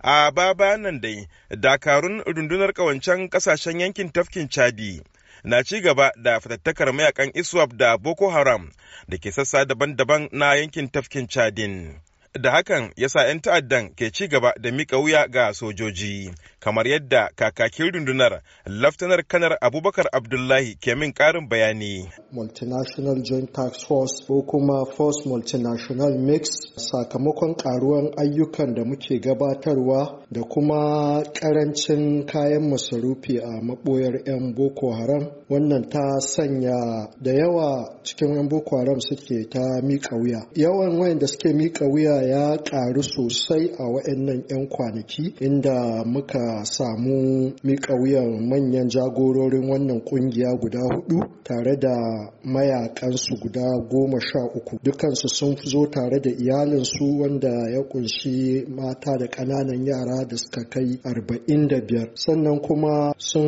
a baba nan dai dakarun rundunar kawancen kasashen yankin tafkin chadi na ci gaba da fitattakar mayakan iswap da boko haram da ke sassa daban-daban na yankin tafkin chadin da hakan ya sa 'yan ta'addan ke ci gaba da mika wuya ga sojoji kamar yadda kakakin rundunar laftanar kanar abubakar abdullahi ke min karin bayani multinational joint tax force ko kuma force multinational mix sakamakon karuwan ayyukan da muke gabatarwa da kuma karancin kayan masarufi a maboyar 'yan boko haram wannan ta sanya da yawa cikin 'yan boko haram suke ta miƙa wuya yawan wayanda suke miƙa wuya ya ƙaru sosai a wa'annan 'yan kwanaki inda muka samu miƙa wuyan manyan jagororin wannan ƙungiya guda hudu tare da mayakansu guda goma sha uku dukansu sun zo tare da iyalinsu wanda ya kunshi mata da ƙananan yara da suka kai arba'in da biyar sannan kuma sun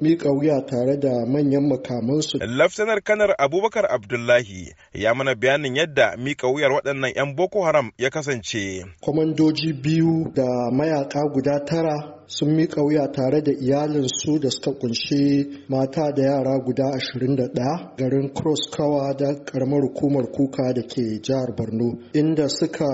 miƙa wuya tare da manyan makamansu. laftanar kanar abubakar abdullahi ya mana bayanin yadda miƙa wuyar waɗannan 'yan boko haram ya kasance kwamandoji biyu da mayaka guda tara sun miƙa wuya tare da iyalinsu da suka kunshi mata da yara guda 21 garin cross kawa da karamar hukumar kuka da ke jihar borno inda suka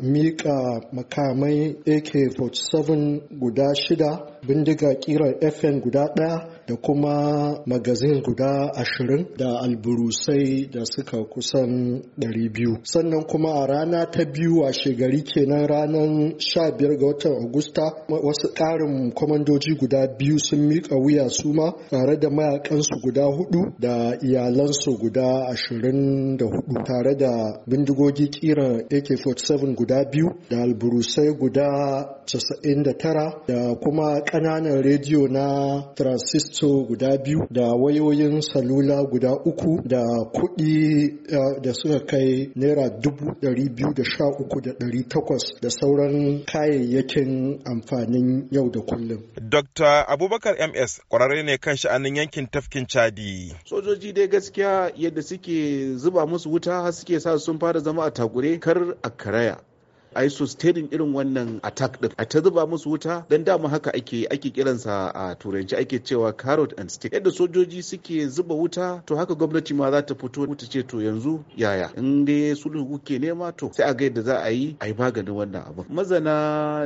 miƙa makamai ak-47 guda shida bindiga ƙirar fn guda ɗaya da kuma magazin guda ashirin da alburusai da suka kusan ɗari sannan kuma a rana ta biyu a shegari kenan ranar sha biyar ga watan agusta wasu ƙarin kwamandoji guda biyu sun miƙa wuya su ma tare da mayakansu guda hudu da iyalansu guda ashirin da hudu tare da bindigogi kiran ak-47 guda biyu da alburusai guda 99 da kuma ƙananan rediyo na transist so guda biyu da wayoyin salula guda uku da kuɗi eh, da suka kai naira dubu ɗari biyu da sha uku da ɗari takwas da sauran kayayyakin amfanin yau da kullum. Dr. Abubakar MS ƙwararre ne kan sha'anin yankin tafkin Chadi. Sojoji dai gaskiya yadda suke zuba musu wuta suke sa sun fara zama a takure kar a karaya. a yi sustaining irin wannan attack din a ta zuba musu wuta dan dama haka ake ake kiransa a turanci ake cewa carrot and stick yadda sojoji suke zuba wuta to haka gwamnati ma za ta fito wuta ce to yanzu yaya in dai sulhu kuke nema to sai a ga yadda za a yi a yi maganin wannan abin mazana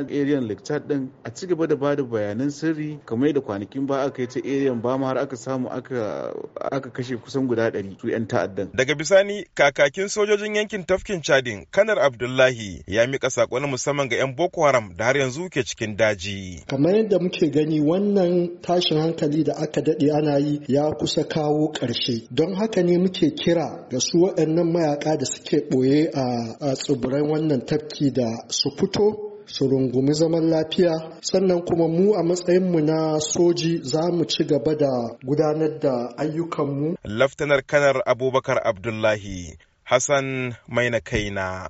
arian lecture din a ci gaba da bada bayanan sirri kamar yadda kwanakin ba aka yi ta arian ba ma har aka samu aka aka kashe kusan guda ɗari su 'yan ta'addan daga bisani kakakin sojojin yankin tafkin chadin kanar abdullahi ya ka sako musamman ga 'yan Boko Haram da har yanzu ke cikin daji. Kamar yadda muke gani wannan tashin hankali da aka daɗe ana yi ya kusa kawo ƙarshe. Don haka ne muke kira ga su waɗannan mayaka da suke ɓoye a tsibiran wannan tafki da su fito su rungumi zaman lafiya sannan kuma mu a matsayinmu na soji za mu ci gaba da gudanar da ayyukanmu. Laftanar kanar Abubakar Abdullahi Hassan mai Maina Kaina